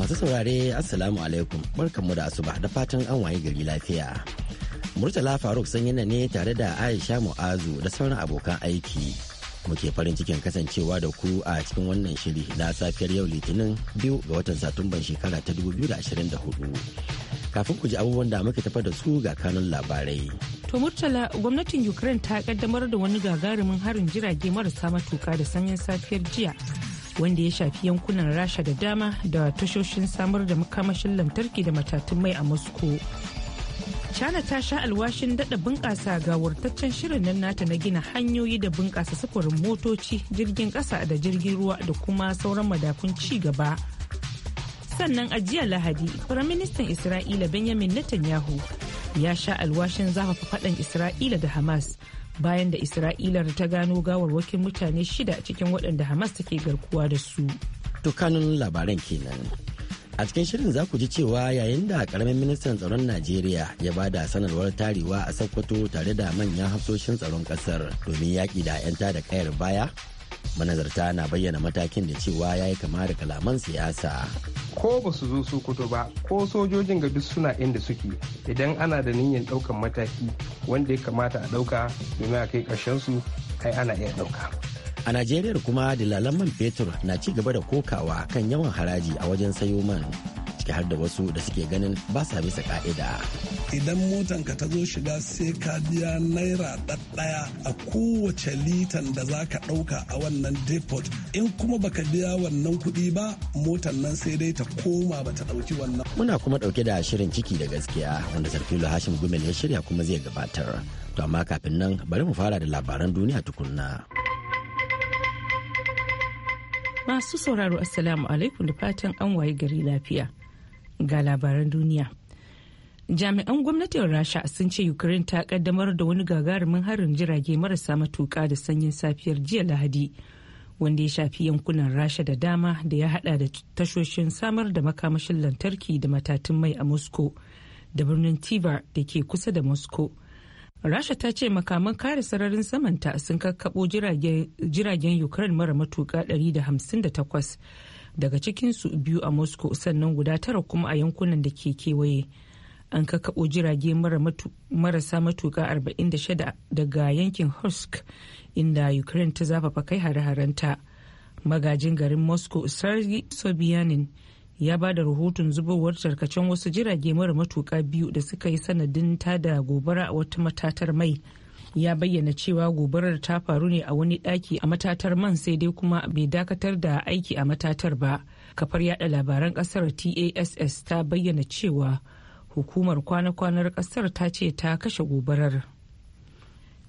Masu saurare Assalamu alaikum barkanmu da asuba da fatan an waye gari lafiya. Murtala Faruk sanyina ne tare da Aisha Mu'azu da sauran abokan aiki. Muke farin cikin kasancewa da ku a cikin wannan shiri na safiyar yau Litinin biyu ga watan Satumban shekara ta 2024. Kafin ku ji abubuwan da muke tafa da su ga kanun labarai. To Murtala gwamnatin Ukraine ta kaddamar da wani gagarumin harin jirage marasa matuka da sanyin safiyar jiya wanda ya shafi yankunan rasha da dama da tashoshin samar da makamashin lantarki da matatun mai a moscow china ta sha alwashin dada bunƙasa ga wartaccen shirin nan nata na gina hanyoyi da bunƙasa sufurin motoci jirgin ƙasa da jirgin ruwa da kuma sauran madafun ci gaba sannan a jiya lahadi firaministan isra'ila benjamin netanyahu ya sha alwashin zafafa faɗan isra'ila da hamas bayan da isra'ilar ta gano gawarwakin mutane shida cikin waɗanda hamas take garkuwa da su tukanin labaran kenan a cikin shirin za ku ji cewa yayin da karamin ministan tsaron najeriya ya ba da sanarwar tarewa a sokoto tare da manyan hafsoshin tsaron kasar domin yaƙi da 'yan da kayar baya manazarta na bayyana matakin da cewa ya yi kama da kalaman siyasa ko ba su zo sokoto ba ko sojojin ga duk suna inda suke idan ana da niyyar daukan mataki wanda ya kamata a ɗauka, domin a kai karshen su kai ana iya ɗauka. a najeriya kuma dilalan man fetur na ci gaba da kokawa kan yawan haraji a wajen sayo man ciki har da wasu da suke ganin ba sa bisa ka'ida. Idan motan ka ta zo shiga sai ka biya naira ɗaɗɗaya a kowace litan da za ka ɗauka a wannan depot in kuma baka biya wannan kuɗi ba motan nan sai dai ta koma ba ta ɗauki wannan. Muna kuma ɗauke da shirin ciki da gaskiya wanda Sarfilo Hashim Gumel ya shirya kuma zai gabatar. To amma kafin nan bari mu fara da labaran duniya tukunna. Masu sauraro Assalamu alaikum da fatan an waye gari lafiya. ga labaran duniya. Jami'an gwamnatin Rasha sun ce Ukraine ta kaddamar da wani gagarumin harin jirage marasa matuka da sanyin safiyar jiya Lahadi, wanda ya shafi yankunan Rasha da dama da ya hada da tashoshin samar da makamashin lantarki da matatun mai a Moscow da birnin Tiver da ke kusa da Moscow. Rasha ta ce makaman kare sararin samanta sun kakkabo jiragen Ukraine mara matuka 158 daga cikinsu biyu a moscow sannan guda tara kuma a yankunan da ke kewaye an kakaɓo jirage marasa matuka 46 daga yankin husk inda ukraine ta zafafa kai hare-harenta magajin garin moscow sergei sobyanin ya ba da rahoton zubowar tarkacen wasu jirage mara matuka biyu da suka yi sanadin tada gobara a wata matatar mai ya bayyana cewa gobarar ta faru ne a wani daki a matatar man sai dai kuma bai dakatar da aiki a matatar ba kafar yada labaran kasar tass ta bayyana cewa hukumar kwana-kwanar kasar ta ce ta kashe gobarar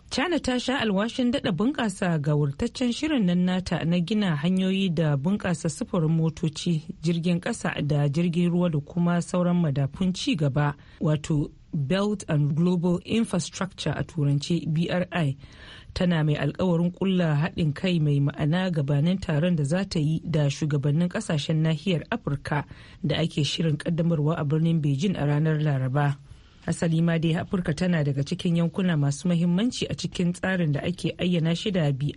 china ta sha alwashin dada bunƙasa ga wurtaccen shirin nan nata na gina hanyoyi da bunƙasa sufurin motoci jirgin ƙasa da jirgin ruwa da kuma sauran madafun ci gaba wato belt and global infrastructure a turance bri tana mai alkawarin kulla haɗin kai mai ma'ana gabanin taron da za ta yi da shugabannin ƙasashen nahiyar afirka da ake shirin ƙaddamarwa a birnin beijing a ranar laraba asali ma dai afirka tana daga cikin yankuna masu mahimmanci a cikin tsarin da ake ayyana shi da bri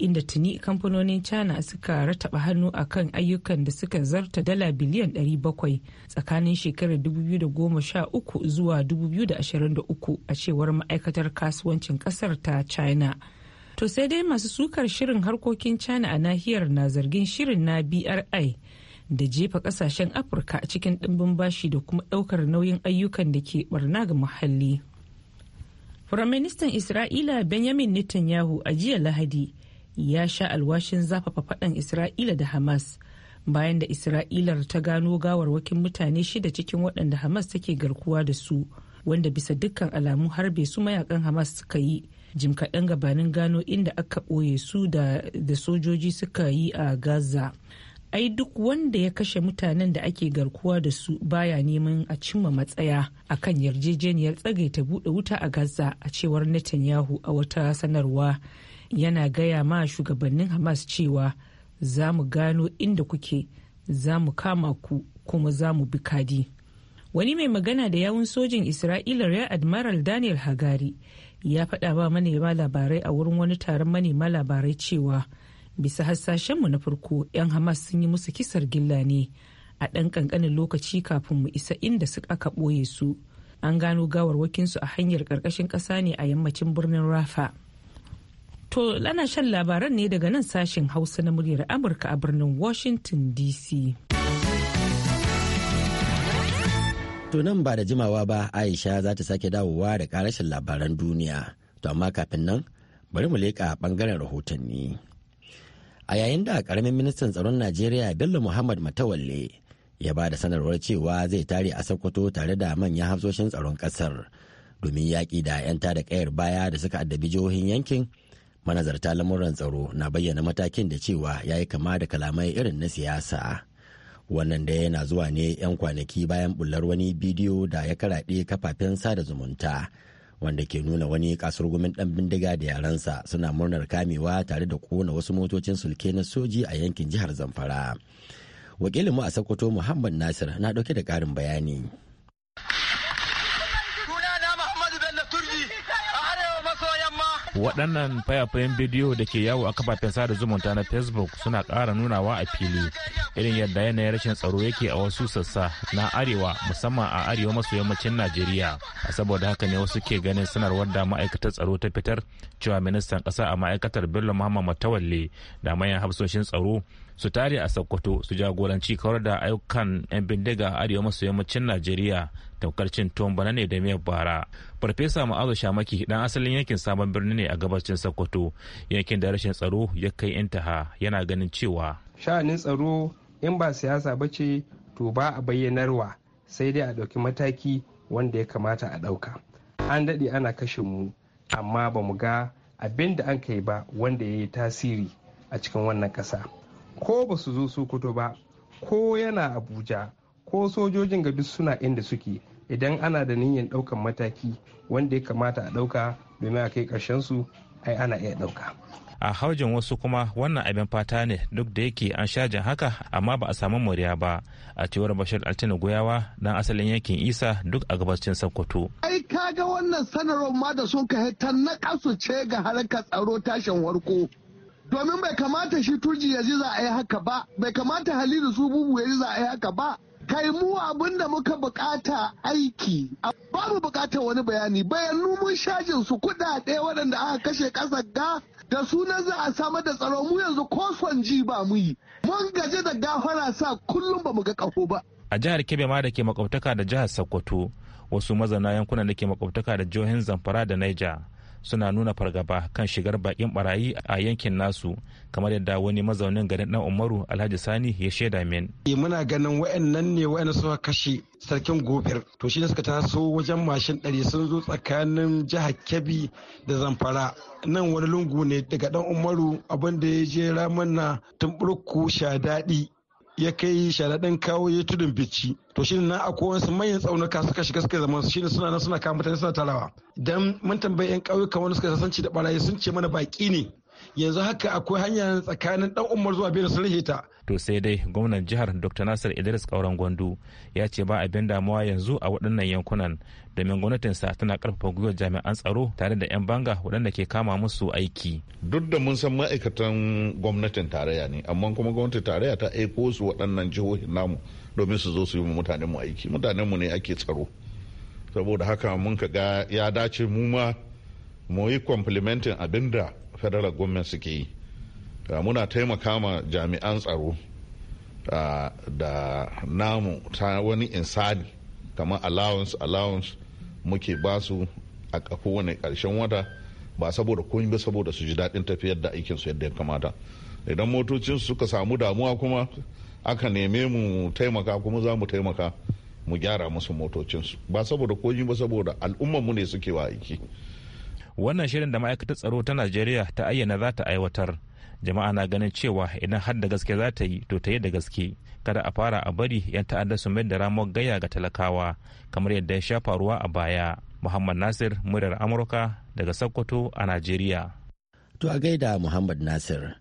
inda tuni kamfanonin china suka rataba hannu a kan ayyukan da suka zarta dala biliyan 700 tsakanin shekarar 2013 zuwa 2023 a cewar ma'aikatar kasuwancin kasar ta china to sai dai masu sukar shirin harkokin china a nahiyar na zargin shirin na bri da jefa kasashen afirka cikin ɗimbin bashi da kuma ɗaukar nauyin ayyukan da ke barna ga muhalli firaministan isra'ila benjamin netanyahu a jiya lahadi ya sha alwashin zafafa faɗan isra'ila da hamas bayan da isra'ilar ta gano gawarwakin mutane shida cikin waɗanda hamas take garkuwa da su wanda bisa dukkan alamu harbe su mayakan hamas suka yi jim kaɗan gabanin gano inda aka ɓoye su da, da sojoji suka yi a gaza ai duk wanda ya kashe mutanen da ake garkuwa da su baya neman a cimma matsaya a kan yarjejeniyar tsagaita buɗe wuta a gaza a cewar netanyahu a wata sanarwa yana gaya ma shugabannin hamas cewa za mu gano inda kuke za mu kama ku kuma za mu bi kadi wani mai magana da yawun sojin isra'ila rear admiral daniel hagari ya faɗa ba manema labarai a wurin wani taron manema labarai cewa bisa hasashenmu na farko 'yan hamas sun yi musu kisar gilla ne a ɗan ƙanƙanin lokaci kafin mu isa inda su aka ɓoye su an gano gawarwakinsu a hanyar ƙarƙashin ƙasa ne a yammacin birnin rafa To ana shan labaran ne daga nan sashen Hausa na muryar Amurka a birnin Washington DC. To nan ba da jimawa ba Aisha za ta sake dawowa da karashin labaran duniya. To amma kafin nan bari mu leƙa ɓangaren rahotanni. A yayin da ƙaramin ministan tsaron Najeriya Bello Muhammad Matawalle ya ba da sanarwar cewa zai tare a Sokoto tare da manyan hafsoshin tsaron ƙasar domin yaƙi da 'yan da ƙayar baya da suka addabi jihohin yankin manazarta lamuran tsaro na bayyana matakin da cewa ya yi kama da kalamai irin na siyasa wannan da yana zuwa ne 'yan kwanaki bayan bullar wani bidiyo da ya karaɗe kafafen sada zumunta wanda ke nuna wani kasurgumin ɗan bindiga da yaransa suna murnar kamewa tare da kona wasu motocin sulke na soji a yankin jihar zamfara wakilinmu a sokoto muhammad nasir na ɗauke da ƙarin bayani waɗannan fayafayen bidiyo da ke yawo a kafafen sada zumunta na facebook suna ƙara nunawa a fili irin yadda yanayin rashin tsaro yake a wasu sassa na arewa musamman a arewa maso yammacin najeriya a saboda haka ne wasu ke ganin sanarwar da ma'aikatar tsaro ta fitar cewa ministan ƙasa a ma'aikatar bello muhammad matawalle da manyan hafsoshin tsaro su tare a sokoto su jagoranci kawar da ayyukan 'yan bindiga a arewa maso yammacin najeriya daukar cin tuwon ne da miyar bara farfesa ma'azu shamaki dan asalin yankin sabon birni ne a gabacin sokoto yankin da rashin tsaro ya kai intaha yana ganin cewa sha'anin tsaro in ba siyasa ba ce to ba a bayyanarwa sai dai a ɗauki mataki wanda ya kamata a ɗauka an daɗe ana kashe mu amma ba mu ga abin da an kai ba wanda ya yi tasiri a cikin wannan ƙasa ko ba su zo sokoto ba ko yana abuja ko sojojin ga suna inda suke idan ana da niyyar ɗaukan mataki wanda ya kamata a ɗauka domin a kai ƙarshen su ai ana iya ɗauka. a haujin wasu kuma wannan abin fata ne duk da yake an shajin haka amma ba a samu moriya ba a cewar bashir altina goyawa dan asalin yankin isa duk a gabacin sokoto ai ga wannan sanarwar ma da sun kai ta na kasu ce ga harkar tsaro tashin warko domin bai kamata shi turji ya ji za a yi haka ba bai kamata halilu su bubu ya ji za a yi haka ba kai mu abin da muka bukata aiki babu bukata wani bayani bayanu mun shajin su kudade waɗanda aka kashe ƙasa ga da sunan za a samar da tsaro mu yanzu ko son ji ba mu yi mun gaje da gafara sa kullum ba mu ga ƙaho ba a jihar kebe ma da ke makwabtaka da jihar sokoto wasu mazana yankunan da ke makwabtaka da jihohin zamfara da niger suna nuna fargaba kan shigar bakin barayi a yankin nasu kamar yadda wani mazaunin garin dan umaru alhaji sani ya shaida min eh, muna ganin wa'annan ne wa'annan suka kashe sarkin gobir to shi ne suka taso wajen mashin ɗari sun zo tsakanin jihar kebbi da zamfara nan wani lungu ne daga dan umaru abin da ya je mana tun sha daɗi ya kai sharaɗin kawo ya tudun bici to shine na akwai wasu manyan tsaunuka suka shiga suka zama shi suna nan suna kama mutane suna talawa dan mun tambayi yan ƙauyuka wani suka sasanci da ɓarayi sun ce mana baƙi ne yanzu haka akwai hanya tsakanin ɗan umar zuwa biyar sun rahe ta to sai dai gwamnan jihar dr nasir idris kauran gwandu ya ce ba abin damuwa yanzu a waɗannan yankunan domin gwamnatinsa tana karfafa gwiwar jami'an tsaro tare da 'yan banga waɗanda ke kama musu aiki duk da mun san ma'aikatan gwamnatin tarayya ne amma kuma gwamnatin tarayya ta aiko su waɗannan jihohin namu domin su zo su yi mutanenmu aiki mutanenmu ne ake tsaro saboda haka mun ka ga ya dace mu ma mu yi complimentin abin da federal government suke yi Ah, muna taimaka ma jami'an tsaro ah, da namu ta wani insani kamar allowance allowance muke basu a wani karshen wata ba saboda kun ba saboda su ji daɗin tafiyar da aikin su yadda ya kamata idan motocin suka samu damuwa kuma aka neme mu taimaka kuma za mu taimaka mu gyara musu motocinsu ba saboda koyi ba saboda al'ummarmu ne suke wa aiki wannan shirin da ma'aikatar tsaro ta najeriya ta ayyana za ta aiwatar jama'a na ganin cewa idan har da gaske za ta yi to ta yi da gaske kada a fara a bari 'yan ta'adda su mayar da ramuwar gaya ga talakawa kamar yadda ya sha faruwa a baya muhammad nasir muryar amurka daga sokoto a najeriya to a gaida muhammad nasir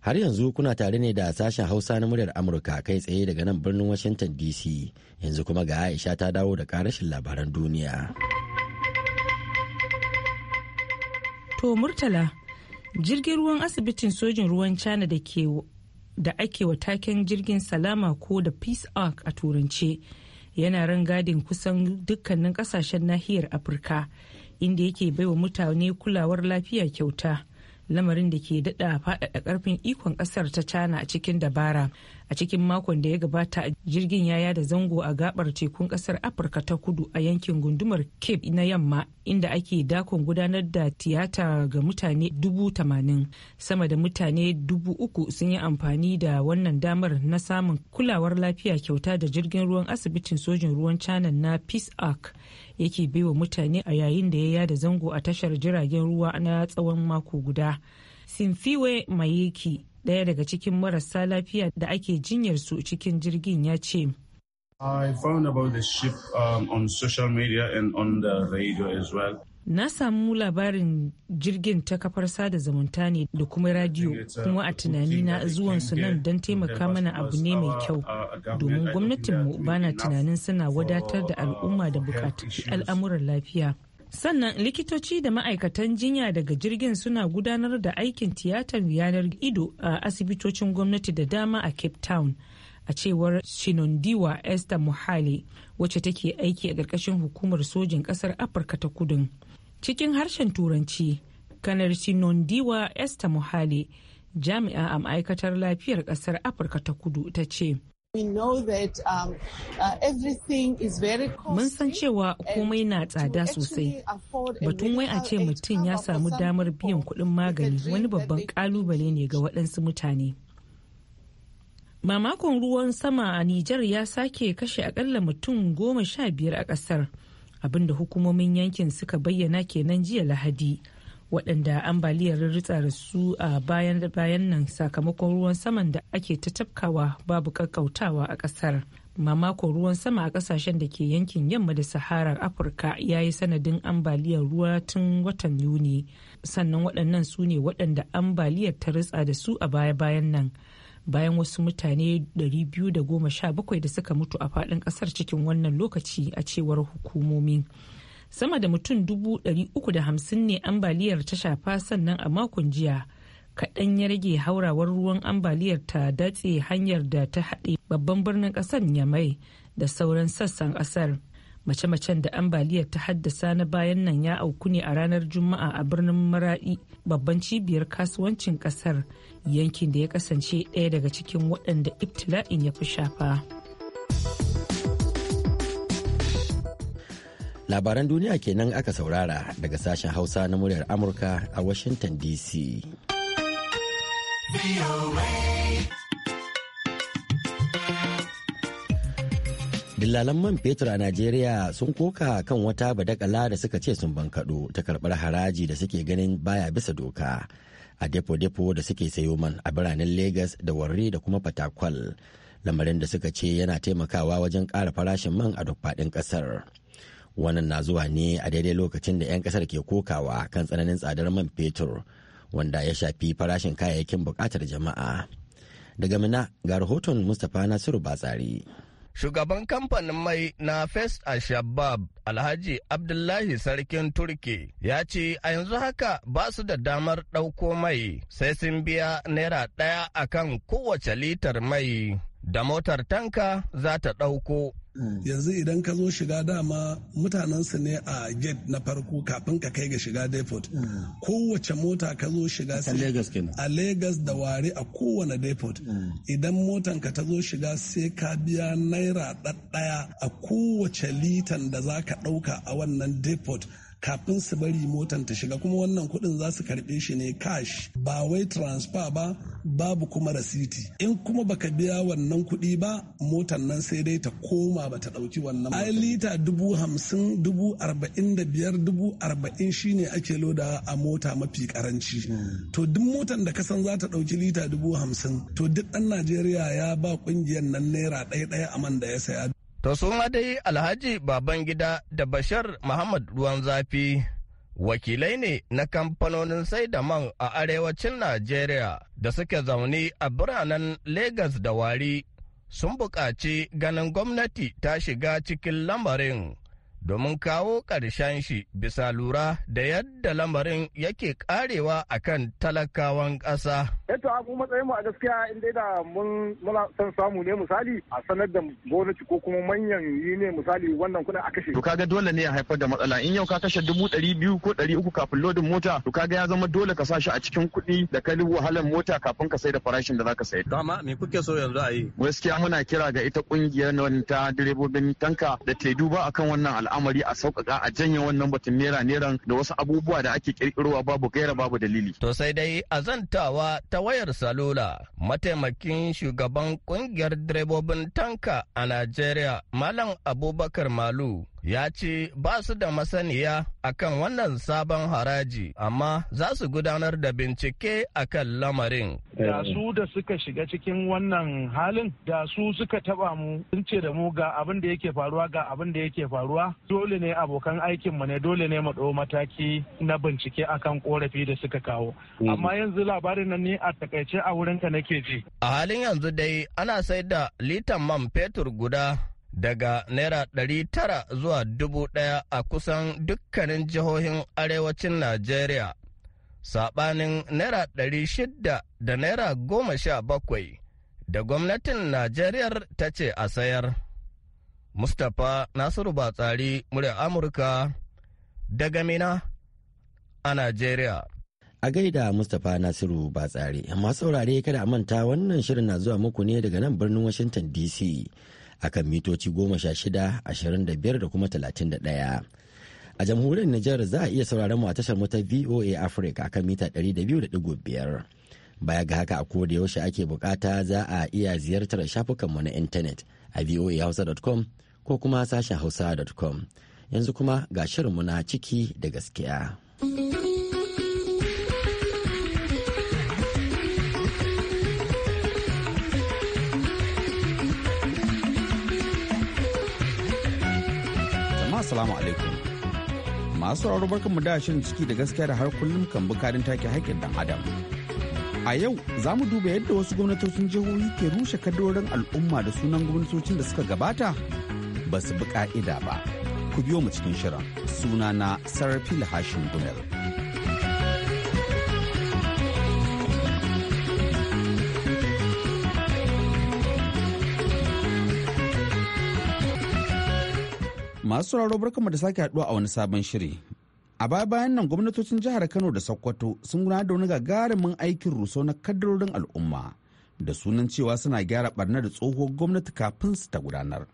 har yanzu kuna tare ne da sashen hausa na muryar amurka kai tsaye daga nan birnin washington dc yanzu kuma ga aisha ta dawo da karashin labaran duniya to murtala jirgin ruwan asibitin sojin ruwan china da ke da ake wa taken jirgin salama ko da peace ark a turance yana rangadin kusan dukkanin kasashen nahiyar afirka inda yake baiwa mutane kulawar lafiya kyauta lamarin da ke daɗa faɗaɗa ƙarfin ikon ƙasar ta china a cikin dabara a cikin makon da ya gabata jirgin yaya da zango a gabar tekun ƙasar afirka ta kudu a yankin gundumar cape na yamma inda ake dakon gudanar da tiyata ga mutane dubu tamanin sama da mutane dubu uku sun yi amfani da wannan damar na samun kulawar lafiya kyauta da jirgin ruwan asibitin sojin ruwan china na peace ark yake baiwa mutane a yayin da ya yada zango a tashar jiragen ruwa na tsawon mako guda simfiwe mayeki ɗaya daga cikin marasa lafiya da ake jinyar su cikin jirgin ya ce I found about the ship um, on social media and on the radio as well. na samu labarin jirgin ta kafar sada zumunta ne da kuma radiyo kuma a tunanina su nan don taimaka mana abu ne mai kyau domin gwamnatinmu bana tunanin suna wadatar da al'umma da bukatun al'amuran lafiya sannan likitoci da ma'aikatan jinya daga jirgin suna gudanar da aikin tiyatar yanar ido a asibitocin gwamnati da dama a cape town a cewar shinondiwa esther muhalli wacce take aiki a ƙarƙashin hukumar sojin ƙasar afirka ta kudun cikin harshen turanci kanar sinondiwa esther muhali jami'a a ma'aikatar lafiyar kasar afirka ta kudu ta ce um, uh, Mun san cewa komai na tsada sosai. Batun wai a ce mutum ya samu damar biyan kuɗin magani wani babban kalubale ne ga waɗansu mutane. Mamakon ruwan sama a Nijar ya sake kashe akalla mutum goma sha biyar a ƙasar. abinda hukumomin yankin suka bayyana kenan jiya lahadi waɗanda ambaliyar ritsa da su a bayan bayan nan sakamakon ruwan saman da ake ta tafkawa babu kakkautawa a ƙasar mamako ruwan sama a ƙasashen da ke yankin yamma da saharar afirka ya yi sanadin ambaliyar ruwa tun watan yuni sannan waɗannan su ne waɗanda ambaliyar ta ritsa da su a baya bayan nan bayan wasu mutane 217 da suka mutu a faɗin ƙasar cikin wannan lokaci a cewar hukumomi. Sama da mutum 350 ne ambaliyar ta shafa sannan a makon jiya. kaɗan ya rage haurawar ruwan ambaliyar ta datse hanyar da ta haɗe babban birnin ƙasar Yamai da sauran sassan ƙasar. mace-macen da ambaliyar ta haddasa na bayan nan ya auku ne a ranar juma'a a birnin maradi babban cibiyar kasuwancin kasar yankin da ya kasance ɗaya daga cikin waɗanda ibtila'in ya fi shafa labaran duniya kenan aka saurara daga sashen hausa na muryar amurka a washington dc dillalan man fetur a najeriya sun koka kan wata badakala da suka ce sun bankaɗo ta karɓar haraji da suke ganin baya bisa doka a depo-depo da suke sayo man a biranen Legas, da warri da kuma fatakwal lamarin da suka ce yana taimakawa wajen ƙara farashin man a duk faɗin ƙasar wannan na zuwa ne a daidai lokacin da 'yan ƙasar ke kokawa kan tsananin tsadar man fetur wanda ya shafi farashin kayayyakin buƙatar jama'a daga mina ga rahoton mustapha nasiru batsari Shugaban kamfanin mai na Fes a shabab Alhaji Abdullahi Sarkin Turke ya ce a yanzu haka ba su da damar ɗauko mai sai sun biya naira ɗaya akan kowace litar mai da motar tanka za ta ɗauko. Mm. yanzu idan ka zo shiga dama mutanensu ne a gate na farko kafin ka kai ga shiga depot mm. kowace mota ka zo shiga a lagos da ware a kowane depot mm. idan motan ka ta zo shiga sai ka biya naira ɗaɗɗaya a kowace litan da za ka ɗauka a wannan depot kafin su bari motan ta shiga kuma wannan kuɗin za su karɓe shi ne cash ba wai transfer ba babu kuma rasiti in kuma baka biya wannan kuɗi ba motan nan sai dai ta koma ba ta ɗauki wannan ai lita dubu hamsin dubu arba'in da biyar dubu arba'in shine ake loda a mota mafi karanci hmm. to duk motan da kasan za ta ɗauki lita dubu hamsin to duk ɗan najeriya ya ba ƙungiyar nan naira ɗaya ɗaya a man da ya saya To su dai Alhaji Babangida da Bashar Muhammad Ruwan Zafi wakilai ne na kamfanonin sai da man a arewacin Najeriya da suke zaune a biranen Legas da Wari sun buƙaci ganin gwamnati ta shiga cikin lamarin domin kawo ƙarshen shi bisa lura da yadda lamarin yake karewa kan talakawan ƙasa. Yadda eh, abu matsayin mu a gaskiya in dai da mun muna son samu ne misali a sanar da gwamnati ko kuma manyan yi ne misali wannan kuɗin a kashe. To kaga dole ne ya haifar da matsala in yau ka kashe dubu ɗari biyu ko ɗari uku kafin lodin mota to kaga ya zama dole ka sa shi a cikin kuɗi da kali wahalar mota kafin ka sai da farashin da za ka sai. Dama me kuke so yanzu a yi? Gaskiya muna kira ga ita ƙungiyar ta direbobin tanka da ta duba akan wannan al'amari. al'amari a sauƙaƙa a janye wannan batun nera neran da wasu abubuwa da ake kirkirowa babu gaira babu dalili. To sai dai azantawa ta wayar salula mataimakin shugaban kungiyar direbobin tanka a Najeriya Malam Abubakar Malu ya ce ba su da masaniya a kan wannan sabon haraji amma za su gudanar da bincike a kan lamarin. Da su da suka shiga cikin wannan halin da su suka taba mu sun ce da mu ga abin da yake faruwa ga abin da yake faruwa dole ne abokan aikinmu ne dole ne mu ɗau mataki na bincike akan korafi da suka kawo. Mm. Amma yanzu labarin nan ne a takaice a wurinka nake ji. A halin yanzu dai ana sai da litan man fetur guda daga naira ɗari tara zuwa dubu ɗaya a kusan dukkanin jihohin arewacin najeriya saɓanin naira ɗari shida da naira goma sha bakwai da gwamnatin Najeriya ta ce a sayar mustapha nasiru batsari murya amurka daga mina a najeriya a gaida mustapha nasiru batsari masu saurare kada manta wannan shirin na zuwa muku ne daga nan birnin washington dc akan mitoci goma sha shida ashirin da biyar da kuma talatin da ɗaya. A jamhuriyar Nijar za a iya sauraron mu a tashar ta VOA Africa akan mita ɗari da biyu da ɗigo biyar. Baya ga haka a da yaushe ake bukata za a iya ziyartar shafukanmu na intanet a voahausa.com ko kuma sashen hausa.com. Yanzu kuma ga shirinmu na ciki da gaskiya. Assalamu alaikum. Masu barkan mu da shirin ciki da gaskiya da har kullum kan bukarin take haƙƙin dan Adam. A yau za mu duba yadda wasu gwamnatocin jihohi ke rushe kadorin al'umma da sunan gwamnatocin da suka gabata ba su bi ka'ida ba. Ku biyo mu cikin shirin sunana Sarfil Hashim Gumel. Masu sauraro barkanmu da sake haduwa a wani sabon shiri. A baya bayan nan gwamnatocin jihar Kano da Sokoto sun gudanar da wani gagarumin aikin ruso na kaddarorin al'umma da sunan cewa suna gyara barnar da tsohuwar gwamnati kafin su ta gudanar.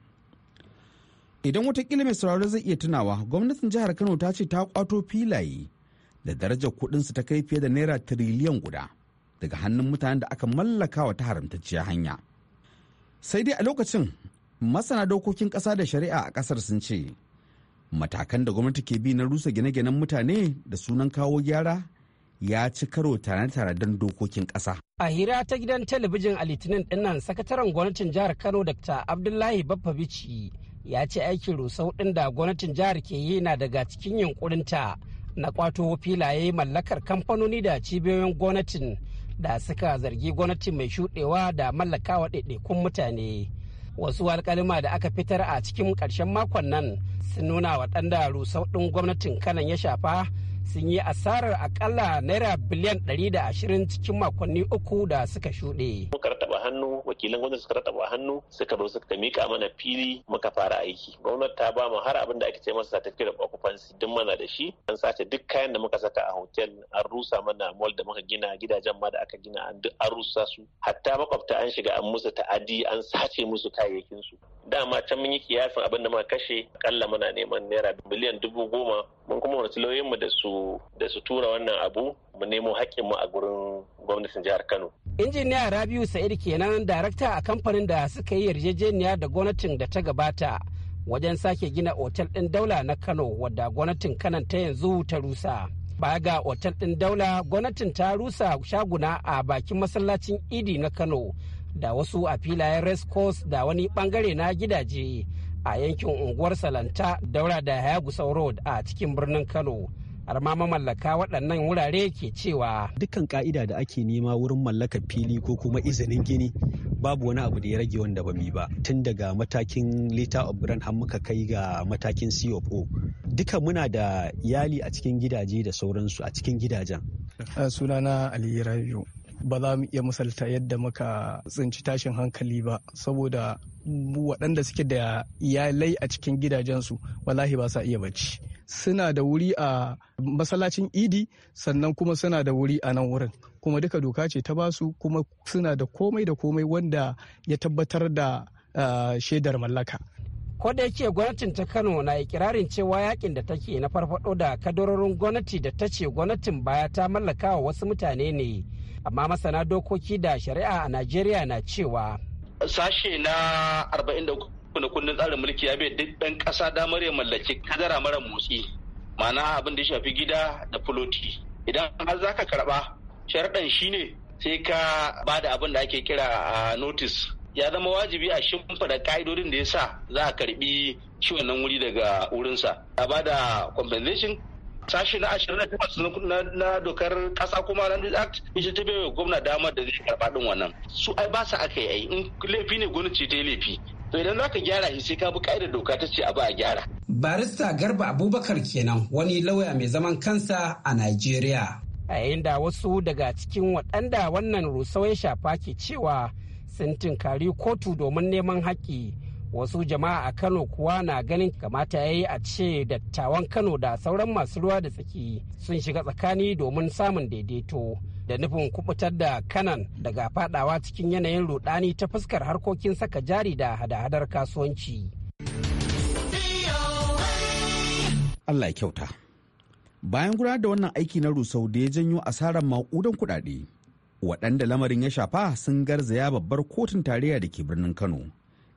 Idan watakila mai sauraro zai iya tunawa gwamnatin jihar Kano ta ce ta kwato filaye da darajar su ta kai fiye da naira tiriliyan guda daga hannun mutanen da aka mallakawa wa ta haramtacciya hanya. Sai dai a lokacin masana dokokin ƙasa da shari'a a ƙasar sun ce matakan da gwamnati ke bi na rusa gine-ginen mutane da sunan kawo gyara ya ci karo tare-tare don dokokin ƙasa. A hira ta gidan talabijin a Litinin dinnan sakataren gwamnatin jihar Kano Dr. Abdullahi Baffabici ya ce aikin rusau ɗin da gwamnatin jihar ke yi na daga cikin yunkurinta na kwato filaye mallakar kamfanoni da cibiyoyin gwamnatin da suka zargi gwamnati mai shuɗewa da mallakawa ɗaiɗaikun mutane. wasu alkalima da aka fitar a cikin ƙarshen makon nan sun nuna waɗanda rusau ɗin gwamnatin kanan ya shafa sun yi asarar akalla naira biliyan 120 cikin makonni uku da suka shuɗe. Muka rataba hannu wakilan gwamnati suka rataba hannu suka zo suka mika mana fili muka fara aiki. Gwamnati ta ba mu har abin da ake ce masa certificate of occupancy duk mana da shi. An sace duk kayan da muka saka a hotel an rusa mana mall da muka gina gidajen ma da aka gina an duk an rusa su. Hatta makwabta an shiga an musu ta'adi an sace musu kayayyakin su. Dama can mun yi kiyasin abin da muka kashe akalla muna neman naira biliyan dubu goma mun kuma wani lauyoyinmu da su da su tura wannan abu mu nemo mu a gurin gwamnatin jihar Kano. Injiniya Rabiu Sa'id kenan darakta a kamfanin da suka yi yarjejeniya da gwamnatin da ta gabata wajen sake gina otal ɗin daula na Kano wadda gwamnatin kanan ta yanzu ta rusa. Baya ga otal ɗin daula gwamnatin ta rusa shaguna a bakin masallacin Idi na Kano da wasu a filayen race course da wani bangare na gidaje a yankin unguwar Salanta daura da Hayagusa Road a cikin birnin Kano. har ma mamallaka waɗannan wurare ke cewa dukkan ka'ida da ake nema wurin mallakar fili ko kuma izinin gini babu wani abu da ya rage wanda ba mi ba tun daga matakin lita of grand har muka kai ga matakin COO duka muna da yali a cikin gidaje da sauransu a cikin gidajen sunana Ali Rabiu ba za mu iya misalta yadda muka tsinci tashin hankali ba saboda waɗanda suke da iyalai a cikin gidajensu wallahi ba sa iya bacci suna da wuri a masallacin idi sannan kuma suna da wuri a nan wurin kuma duka doka ce ta basu kuma suna da komai da komai wanda ya tabbatar da shaidar mallaka ko da yake gwamnatin ta kano na ikirarin cewa yakin da take na farfado da kadarorin gwamnati da ta ce gwamnatin baya ta mallaka wa wasu mutane ne amma masana dokoki da shari'a a najeriya na cewa sashe na kuna kundin tsarin mulki ya bai duk ɗan ƙasa damar ya mallaki kadara mara motsi ma'ana abin da ya shafi gida da fuloti idan har za ka karɓa sharaɗan shine sai ka ba da abin da ake kira a notice ya zama wajibi a shimfiɗa ka'idodin da ya sa za a karɓi shi wannan wuri daga wurinsa a ba da compensation sashi na ashirin da takwas na dokar kasa kuma land act ita ta bai gwamna damar da zai karɓa ɗin wannan su ai ba su aka yi in laifi ne gwamnati ta yi laifi to idan za ka gyara shi sai ka bi ka'idar doka ta ce a ba a gyara. barista garba abubakar kenan wani lauya mai zaman kansa a Najeriya. a yayin da wasu daga cikin waɗanda wannan rusau ya shafa ke cewa sun tinkari kotu domin neman haƙƙi wasu jama'a a kano kuwa na ganin kamata ya yi a ce dattawan kano da sauran masu ruwa da tsaki sun shiga tsakani domin samun daidaito da nufin kubutar da kanan daga fadawa cikin yanayin rudani ta fuskar harkokin saka jari da hada-hadar kasuwanci Allah ya kyauta bayan gudanar da wannan aiki na rusau da ya janyo asarar maƙudan kuɗaɗe waɗanda lamarin ya shafa sun garzaya babbar kotun tarayya da ke birnin kano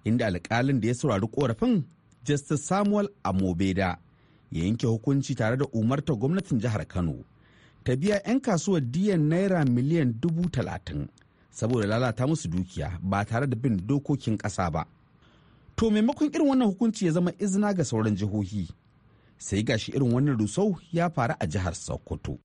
inda alkalin da ya saurari korafin Justice Samuel Amobeda ya yanke hukunci tare da umarta gwamnatin jihar Kano ta biya 'yan kasuwar diyan naira miliyan dubu talatin saboda lalata musu dukiya ba tare da bin dokokin ƙasa ba. To maimakon irin wannan hukunci ya zama izina ga sauran jihohi sai gashi irin wannan rusau ya faru a jihar Sokoto.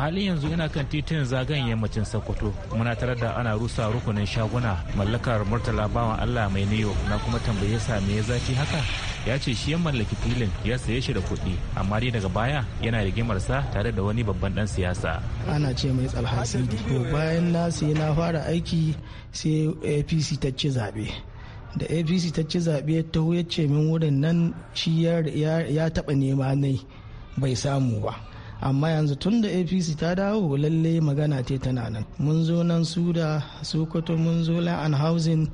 halin yanzu ina kan titin zagayen yammacin sokoto kuma na tarar da ana rusa rukunin shaguna mallakar murtala bawan allah mai niyo na kuma tambaye sa me ya zafi haka ya ce shi ya mallaki filin ya saye shi da kuɗi amma dai daga baya yana rigimar sa tare da wani babban dan siyasa ana ce mai tsalhasidi to bayan na sai na fara aiki sai apc ta ci zaɓe da apc ta ci zaɓe ta ya ce min wurin nan shi ya taɓa nema nai bai samu ba amma yanzu tun da apc ta dawo lalle magana te tana nan mun zo nan su da sokoto mun zo la'an housing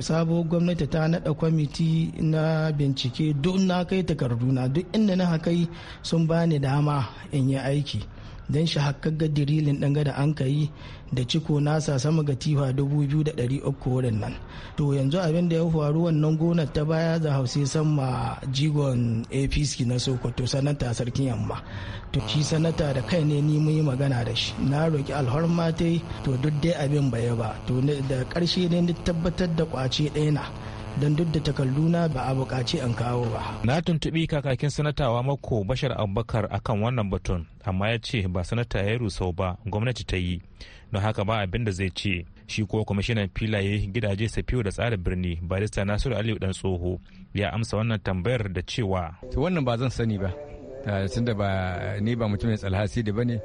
sabo gwamnati ta naɗa kwamiti na bincike duk na kai takarduna duk inda na hakai sun bani dama in yi aiki don shi ga dirilin ɗan gada an kayi da ciko nasa sama ga tifa dubu biyu da ɗari uku wurin nan to yanzu abin da ya faru wannan gona ta baya za hausai sama jigon apc na sokoto sanata sarkin yamma to shi sanata da kai ne ni yi magana da shi na roki alhorma ta to duk dai abin baya ba to da ƙarshe ne tabbatar da kwace ɗaya na don duk da na ba a bukaci an kawo ba. Na tuntubi kakakin sanatawa mako Bashar Abubakar akan wannan batun amma ya ce ba sanata ya rusau ba gwamnati ta yi don haka ba abin da zai ce. Shi ko kwamishinan filaye gidaje safiyo da tsarin birni barista Nasiru Aliyu dan tsoho ya amsa wannan tambayar da cewa. wannan ba zan sani ba. da ba ni ba mutum mai tsalhasi da bane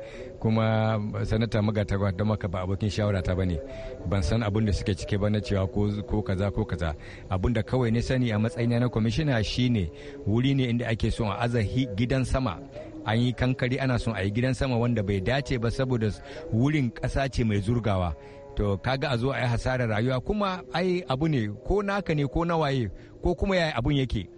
kuma sanata magata don maka ba abokin shawara ta bane ban san abin da suke cike ba na cewa ko kaza ko kaza abin da kawai ni sani a matsayina na kwamishina shine wuri ne inda ake so a azahi gidan sama an yi kankari ana son a yi gidan sama wanda bai dace ba saboda wurin kasa ce mai zurgawa to kaga a zo a yi hasarar rayuwa kuma ai abu ne ko naka ne ko nawaye ko kuma yaya abun yake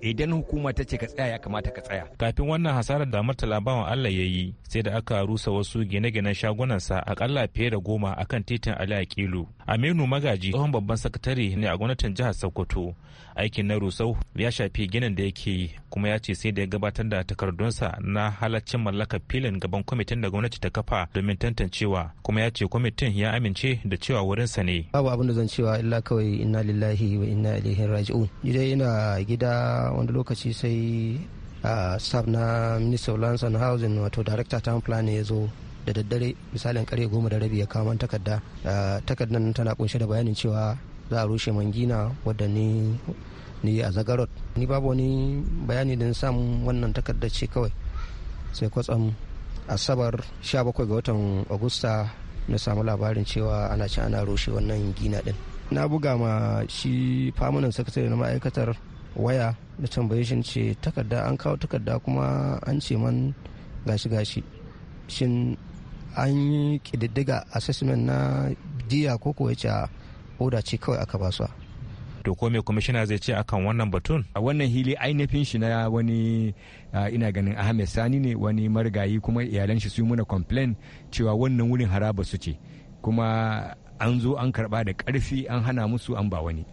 idan hukuma ta ce ka tsaya ya kamata ka tsaya kafin wannan hasarar da murtala Allah ya yi sai da aka rusa wasu gine-ginen shagunansa akalla fiye da goma a kan titin Ali Akilu Aminu Magaji tsohon babban sakatare ne a gwamnatin jihar Sokoto aikin na rusau ya shafi ginin da yake yi kuma ya ce sai da ya gabatar da takardunsa na halaccin mallakar filin gaban kwamitin da gwamnati ta kafa domin tantancewa kuma ya ce kwamitin ya amince da cewa wurinsa ne babu abin da zan cewa illa kawai inna lillahi wa inna ilaihi raji'un gida ina gida wani lokaci sai sab na minister of lands and housing wato director town plan ya zo da daddare misalin kare goma da rabi ya kawo takarda takardar tana kunshe da bayanin cewa za a rushe mangina wadda ni ni a zagarot ni babu wani bayani da samun wannan takarda ce kawai sai kwatsam asabar 17 ga watan agusta na samu labarin cewa ana ci ana rushe wannan gina din na buga ma shi famunan sakatare na ma'aikatar waya da tambaye shi ce takarda an kawo takarda kuma an ce man gashi gashi shin an yi kididdiga assessment na diya ko kuwa ce oda ce kawai aka ba su to ko me kwamishina zai ce akan wannan batun a wannan hili ainihin shi na wani ina ganin ahmed sani ne wani marigayi kuma iyalan shi sun muna complain cewa wannan wurin haraba su ce kuma an zo an karba da karfi an hana musu an ba wani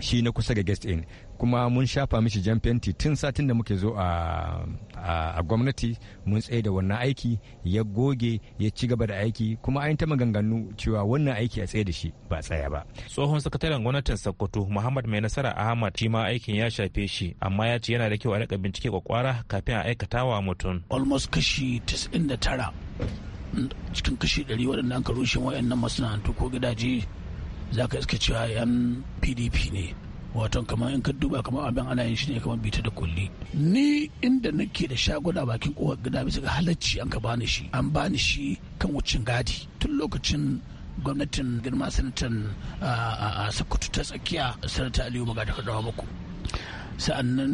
shi na kusa ga guest in kuma mun shafa mishi jan fenti tun satin da muke zo a gwamnati mun tsaye da wannan aiki ya goge ya ci gaba da aiki kuma an ta maganganu cewa wannan aiki a tsaye da shi ba tsaya ba tsohon sakataren gwamnatin sokoto muhammad mai nasara ahmad shi ma aikin ya shafe shi amma ya ce yana da kyau a rika bincike kwakwara kafin a aikata wa mutum almost kashi 99 cikin kashi 100 waɗannan ka rushe waɗannan masana'antu ko gidaje za ka iska cewa yan pdp ne wato kamar in ka duba kamar abin ana yin shi ne kamar bita da kulli ni inda nake da shaguna bakin kowar gida bisa ga halacci an ka bani shi an bani shi kan wucin gadi tun lokacin gwamnatin girma sanatan a sakutu ta tsakiya sanata aliyu maga da kadawa muku sa'annan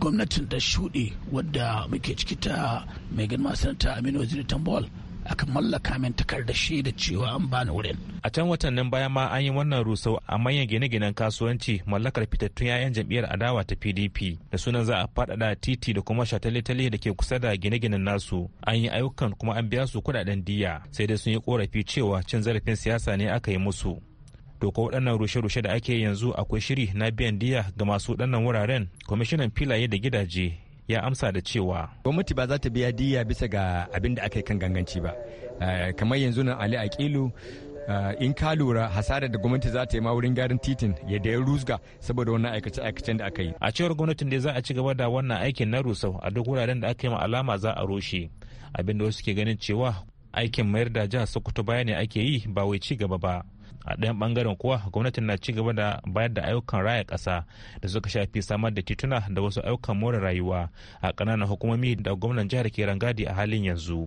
gwamnatin da shuɗe wadda muke ciki ta mai girma sanata aminu waziri tambol aka mallaka min takardar da cewa an bani wurin a can watannin baya ma an yi wannan rusau a manyan gine-ginen kasuwanci mallakar fitattun 'ya'yan jam'iyyar adawa ta pdp da sunan za a faɗaɗa titi da kuma shatale-tale da ke kusa da gine-ginen nasu an yi ayyukan kuma an biya su kuɗaɗen diya sai dai sun yi korafi cewa cin zarafin siyasa ne aka yi musu doka waɗannan rushe-rushe da ake yanzu akwai shiri na biyan diya ga masu waɗannan wuraren kwamishinan filaye da gidaje ya amsa da cewa gwamnati ba za ta biya diya bisa ga abin da aka yi kan ganganci ba eh, kamar yanzu nan ali aƙilu eh, in ka lura hasarar da gwamnati za ta yi ma wurin gyaran titin ya da ya rusga saboda wannan aikace aikacen da aka yi a cewar gwamnatin da za a ci gaba da wannan aikin na rusau a duk wuraren da aka yi ma alama za a rushe abin da wasu ke ganin cewa aikin mayar da jihar sokoto baya ne ake yi ba wai ci gaba ba a ɗayan ɓangaren kuwa gwamnatin na ci gaba da bayar da ayyukan raya ƙasa da suka shafi samar da tituna da wasu ayyukan more rayuwa a ƙananan hukumomi da gwamnan jihar ke rangadi a halin yanzu.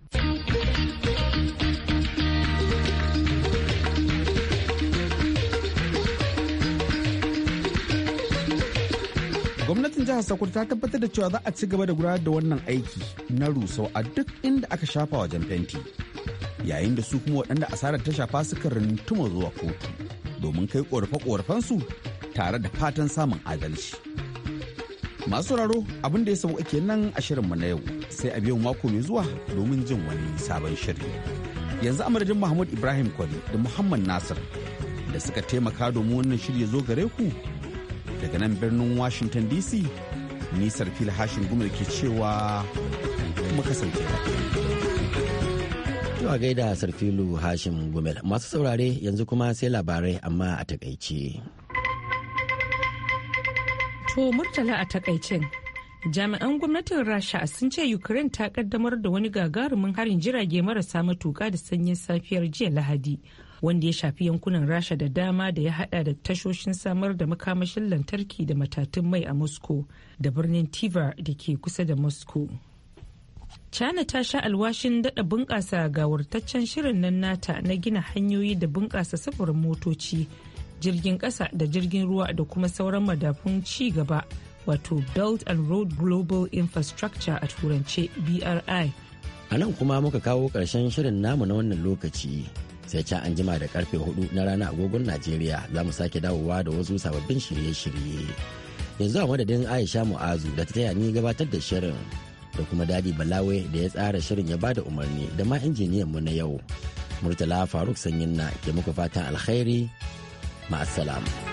gwamnatin jihar sokoto ta tabbatar da cewa za a ci gaba da gudanar da wannan aiki na rusau a duk inda aka shafa wajen fenti yayin da su kuma waɗanda asarar ta shafa suka rintuma zuwa kotu domin kai ƙorafe-ƙorafensu tare da fatan samun adalci. Masu sauraro abin da ya sauka nan a shirinmu na yau sai a biyan mako mai zuwa domin jin wani sabon shiri. Yanzu amurjin Muhammad Ibrahim Kwari da Muhammad Nasir da suka taimaka domin wannan shiri ya zo gare ku daga nan birnin Washington DC nisar fil hashin gumar ke cewa muka kasance lafiya. Yau a gaida Sarfilu Hashim Gumel. Masu saurare yanzu kuma sai labarai amma a takaice. To Murtala a takaicin Jami'an gwamnatin Rasha sun ce Ukraine ta kaddamar da wani gagarumin harin jirage marasa matuka da sanyin safiyar jiya Lahadi. Wanda ya shafi yankunan Rasha da dama da ya hada da tashoshin samar da makamashin lantarki da matatun mai a Moscow da birnin Tiva da ke kusa da Moscow. China ta sha alwashin daɗa bunƙasa gawartaccen shirin nan nata na gina hanyoyi da bunƙasa safarin motoci, jirgin ƙasa da jirgin ruwa da kuma sauran madafun ci gaba wato Belt and Road Global Infrastructure a turance BRI. A nan kuma muka kawo ƙarshen shirin namu na wannan lokaci. Sai can an jima da karfe hudu na rana agogon Najeriya za mu sake dawowa da wasu sababbin shirye-shirye. Yanzu a madadin Aisha Mu'azu da ta taya ni gabatar da shirin. da kuma dadi balawe da ya tsara shirin ya bada umarni da ma injiniyan mu na yau murtala faruk sanyin na ke muka fatan alkhairi ma'asalamu